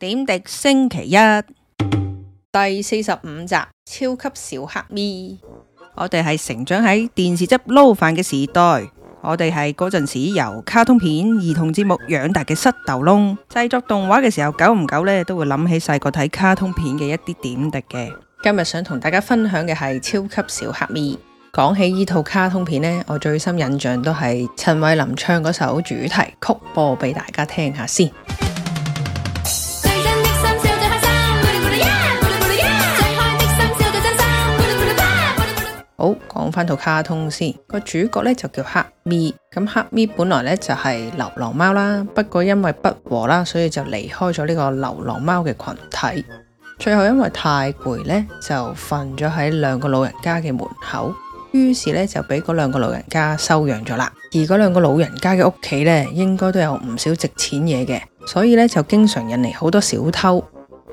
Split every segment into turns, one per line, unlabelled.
點滴星期一第四十五集超級小黑咪。我哋係成長喺電視汁撈飯嘅時代，我哋係嗰陣時由卡通片、兒童節目養大嘅塞豆窿。製作動畫嘅時候，久唔久呢，都會諗起細個睇卡通片嘅一啲點滴嘅。今日想同大家分享嘅係超級小黑咪。講起呢套卡通片呢，我最深印象都係陳偉林唱嗰首主題曲，播俾大家聽下先。講翻套卡通先，個主角咧，就叫黑咪。咁黑咪本來咧，就係流浪貓啦，不過因為不和啦，所以就離開咗呢個流浪貓嘅群體。最後因為太攰咧，就瞓咗喺兩個老人家嘅門口。於是咧，就俾嗰兩個老人家收養咗啦。而嗰兩個老人家嘅屋企咧，應該都有唔少值錢嘢嘅，所以咧，就經常引嚟好多小偷。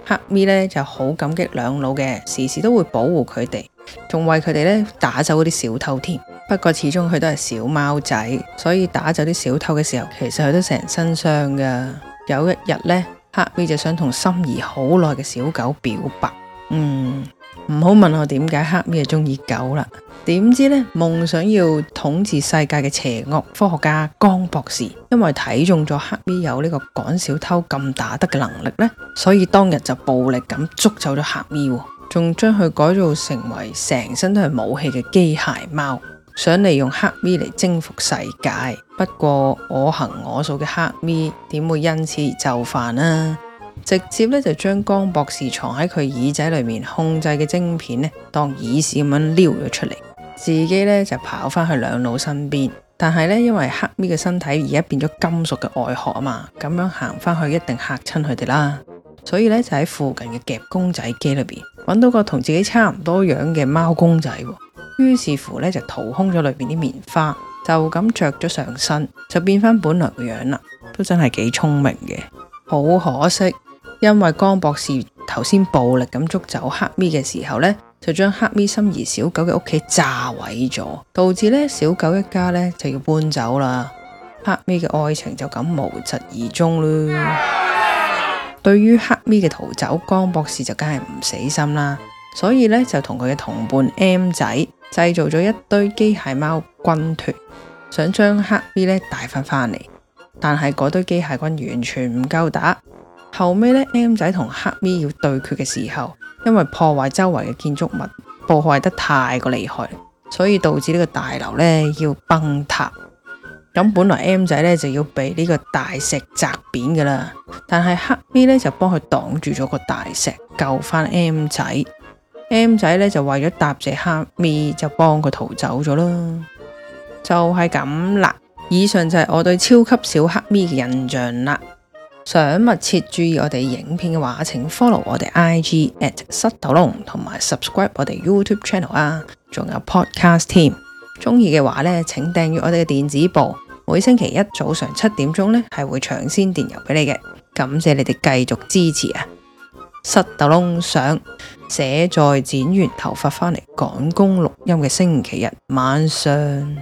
黑咪咧，就好感激兩老嘅，時時都會保護佢哋。仲為佢哋打走嗰啲小偷添，不過始終佢都係小貓仔，所以打走啲小偷嘅時候，其實佢都成身傷㗎。有一日呢，黑咪就想同心儀好耐嘅小狗表白，嗯，唔好問我點解黑咪係中意狗啦。點知呢，夢想要統治世界嘅邪惡科學家江博士，因為睇中咗黑咪有呢個趕小偷咁打得嘅能力呢，所以當日就暴力咁捉走咗黑咪。仲將佢改造成為成身都係武器嘅機械貓，想利用黑咪嚟征服世界。不過我行我素嘅黑咪點會因此而就範啊？直接咧就將江博士藏喺佢耳仔裏面控制嘅晶片咧，當耳屎咁樣撩咗出嚟，自己咧就跑翻去兩老身邊。但係咧，因為黑咪嘅身體而家變咗金屬嘅外殼啊嘛，咁樣行翻去一定嚇親佢哋啦。所以咧就喺附近嘅夾公仔機裏面。揾到個同自己差唔多樣嘅貓公仔，於是乎呢就掏空咗裏面啲棉花，就咁着咗上身，就變返本來嘅樣啦。都真係幾聰明嘅。好可惜，因為江博士頭先暴力咁捉走黑咪嘅時候呢，就將黑咪心儀小狗嘅屋企炸毀咗，導致呢小狗一家呢就要搬走啦。黑咪嘅愛情就咁無疾而終啦。 對於黑咪嘅逃走，江博士就梗係唔死心啦，所以呢，就同佢嘅同伴 M 仔製造咗一堆機械貓軍團，想將黑咪呢帶返返嚟。但係嗰堆機械軍完全唔夠打。後尾呢，M 仔同黑咪要對決嘅時候，因為破壞周圍嘅建築物，破壞得太過厲害，所以導致呢個大樓呢要崩塌。咁本來 M 仔咧就要被呢個大石砸扁噶啦，但係黑咪咧就幫佢擋住咗個大石，救翻 M 仔。M 仔咧就為咗答謝黑咪，就幫佢逃走咗啦。就係咁啦。以上就係我對超級小黑咪嘅印象啦。想密切注意我哋影片嘅話，請 follow 我哋 IG at 石頭龍，同埋 subscribe 我哋 YouTube channel 啊，仲有 podcast team。中意嘅話呢，請訂閱我哋嘅電子報。每星期一早上七點鐘呢，係會搶先電郵俾你嘅，感謝你哋繼續支持啊！塞豆窿上，寫在剪完頭髮翻嚟趕工錄音嘅星期日晚上。